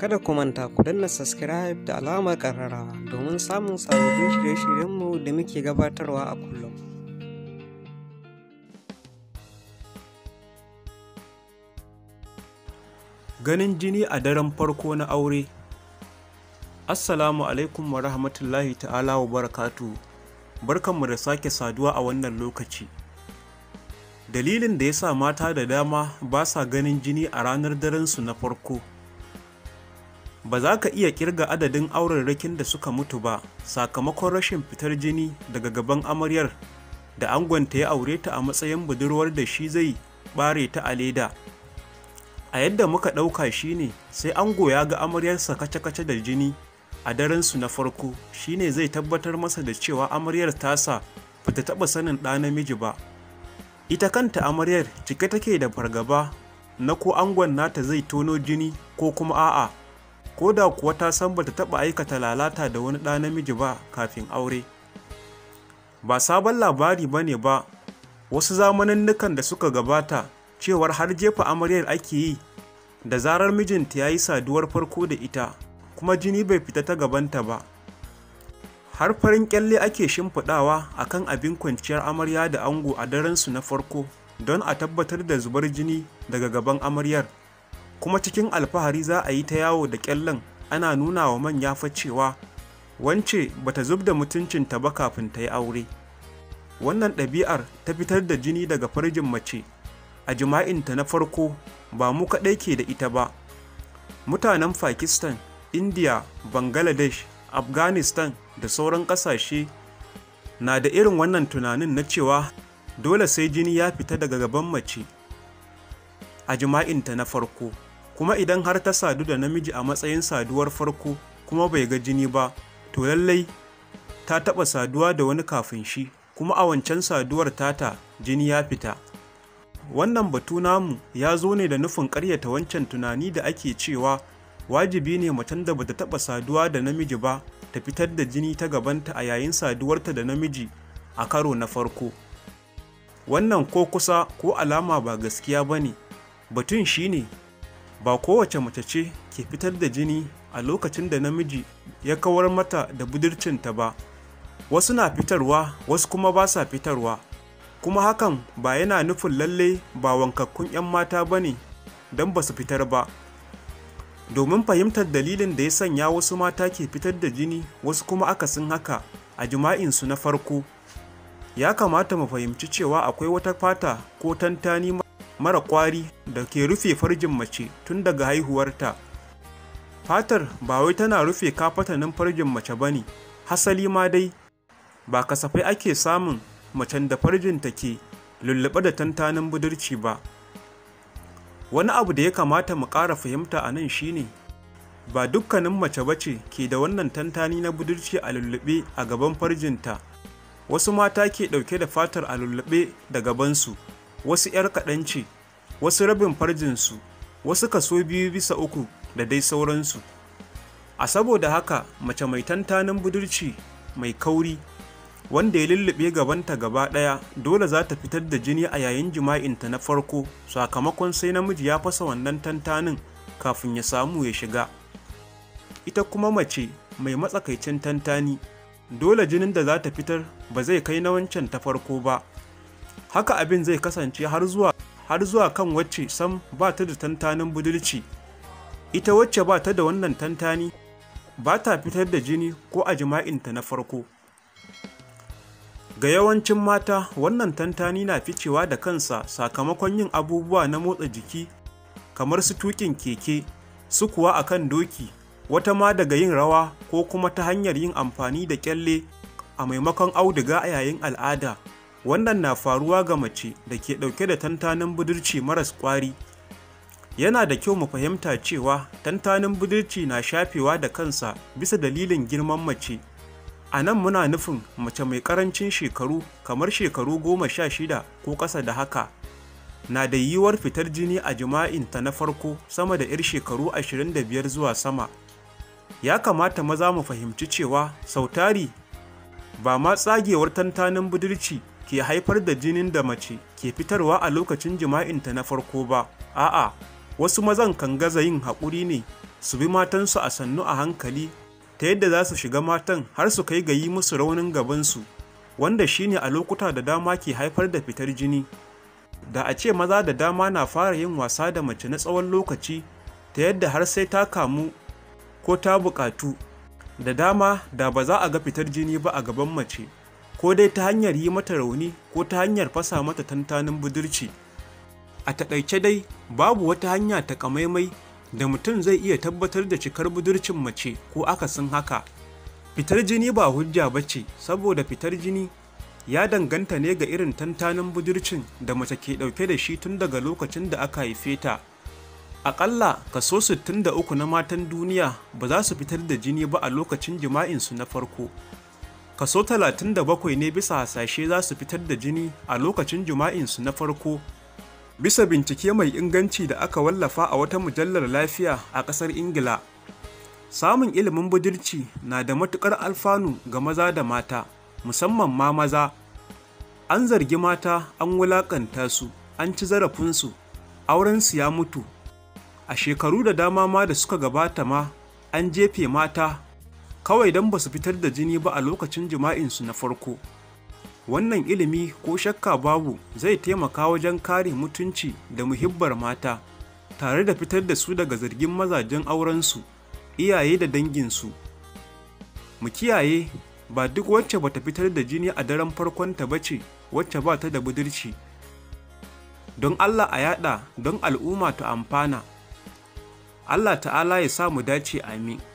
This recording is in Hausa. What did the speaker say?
Kada ku manta ku danna subscribe da alamar ƙararrawa domin samun sababbin shirye-shiryenmu da muke gabatarwa a kullum. Ganin jini a daren farko na aure Assalamu alaikum wa rahmatullahi ta'ala wa barakatu barkanmu da sake saduwa a wannan lokaci. dalilin da ya sa mata da dama ba sa ganin jini a ranar su na farko ba za ka iya kirga adadin aurarrakin da suka mutu ba sakamakon rashin fitar jini daga gaban amaryar da angonta ya aure ta a matsayin budurwar da shi zai bare ta a leda a yadda muka ɗauka shine sai ango ya ga amaryarsa kace-kace da jini a daren su na farko shine zai tabbatar masa da cewa amaryar tasa ba ta taɓa sanin ɗa namiji ba ita kanta amaryar cike take da fargaba na ko angon nata zai tono jini ko kuma a'a ko da kuwa ta san ba ta taɓa aikata lalata da wani ɗa namiji ba kafin aure ba sabon labari ba ne ba wasu zamaninnikan da suka gabata cewar har jefa amaryar ake yi da zarar mijinta ya yi saduwar farko da ita kuma jini bai fita ta gabanta ba har farin kyalle ake shimfiɗawa a kan abin kwanciyar amarya da ango a daren su na farko don a tabbatar da zubar jini daga gaban amaryar kuma cikin alfahari za a yi ta yawo da ƙyallen, ana nuna wa manya fa cewa wance ta zub da mutuncinta ba kafin ta yi aure wannan ɗabi'ar ta fitar da jini daga farjin mace a jima'inta na farko ba mu kaɗai ke da ita ba mutanen pakistan india bangladesh afghanistan da sauran ƙasashe na da irin wannan tunanin na cewa dole sai jini ya fita daga gaban mace a jima'inta na farko kuma idan har ta sadu da namiji a matsayin saduwar farko kuma bai ga jini ba to lallai ta taɓa saduwa da wani kafin shi kuma a wancan saduwar tata jini ya fita wannan batu namu ya zo ne da nufin ƙaryata wancan tunani da ake cewa wajibi ne macen da bata taɓa saduwa da namiji ba ta fitar da jini ta gabanta a yayin saduwarta da namiji a karo na farko wannan ko kusa ko alama ba gaskiya ba ne batun shi ne. ba kowace mace ce ke fitar da jini a lokacin da namiji ya kawar mata da budurcinta ba wasu na fitarwa wasu kuma ba sa fitarwa kuma hakan ba yana nufin lalle ba wankakkun 'yan mata ba ne don ba su fitar ba domin fahimtar dalilin da ya sanya wasu mata ke fitar da jini wasu kuma akasin haka a jima'insu na farko ya kamata mu fahimci cewa akwai wata fata ko tantani mara kwari da ke rufe farjin mace tun daga haihuwarta fatar ba wai tana rufe kafatanin farjin mace ba ne hasali ma dai ba kasafai ake samun macen da farjinta ke lullube da tantanin budurci ba wani abu da ya kamata mu ƙara fahimta a nan shine ba dukkanin mace ba ce ke da wannan tantani na budurci a lullube a gaban farjinta wasu mata ke ɗauke da fatar a lullube da gabansu wasu 'yar kaɗan wasu rabin farjinsu wasu kaso biyu bisa uku da dai sauransu a saboda haka mace mai tantanin budurci mai kauri wanda ya lullube gabanta gaba ɗaya dole za ta fitar da jini a yayin jima'inta na farko sakamakon sai namiji ya fasa wannan tantanin kafin ya samu ya shiga ita kuma mace mai matsakaicin tantani dole jinin da za ta fitar ba zai kai na wancan ta farko ba haka abin zai kasance har zuwa har zuwa kan wacce sam ba ta da tantanin budurci ita wacce ba ta da wannan tantani ba ta fitar da jini ko a jima'inta na farko ga yawancin mata wannan tantani na ficewa da kansa sakamakon yin abubuwa na motsa jiki kamar su tukin keke su kuwa a kan doki wata ma daga yin rawa ko kuma ta hanyar yin amfani da kyalle a maimakon auduga a yayin al'ada wannan na faruwa ga mace da ke ɗauke da tantanin budurci maras ƙwari yana da kyau mu fahimta cewa tantanin budurci na shafewa da kansa bisa dalilin girman mace a nan muna nufin mace mai ƙarancin shekaru kamar shekaru goma sha shida ko ƙasa da haka na da yiwuwar fitar jini a jima'inta na farko sama da 'yar shekaru ashirin da biyar zuwa sama ya kamata maza mu fahimci cewa sautari ba ma tsagewar tantanin budurci ke haifar da jinin da mace ke fitarwa a lokacin jima'inta na farko ba, a'a, wasu mazan kan gaza yin haƙuri ne su bi matansu a sannu a hankali ta yadda za su shiga matan har su kai ga yi musu raunin gabansu, wanda shine a lokuta da dama ke haifar da fitar jini. Da a ce maza da dama na fara yin wasa da mace na tsawon lokaci ta yadda har sai ta kamu ko ta buƙatu, da dama da ba za a ga fitar jini ba a gaban mace. ko dai ta hanyar yi mata rauni ko ta hanyar fasa mata tantanin budurci a taƙaice dai babu wata hanya takamaimai da mutum zai iya tabbatar da cikar budurcin mace ko akasin haka fitar jini ba hujja ba ce saboda fitar jini ya danganta ne ga irin tantanin budurcin da mace ke ɗauke da shi tun daga lokacin da aka haife ta aƙalla kaso uku na matan duniya ba za su fitar da jini ba a lokacin jima'insu na farko kaso 37 ne bisa hasashe za su fitar da jini a lokacin jima'insu na farko bisa bincike mai inganci da aka wallafa a wata mujallar lafiya a ƙasar ingila samun ilimin budurci na da matuƙar alfanu ga maza da mata musamman ma maza an zargi mata an wulaƙanta su an ci zarafinsu aurensu ya mutu a shekaru da dama ma da suka gabata ma an jefe mata kawai don ba su fitar da jini ba a lokacin jima'insu na farko. Wannan ilimi ko shakka babu zai taimaka wajen kare mutunci da muhibbar mata, tare da fitar da su daga zargin mazajen aurensu, iyaye da danginsu. Mu kiyaye ba duk wacce bata fitar da jini a daren farkonta ba ce wacce ba ta da budurci. Don Allah a yada don al'umma ta amfana. Allah ta'ala ya sa mu dace amin.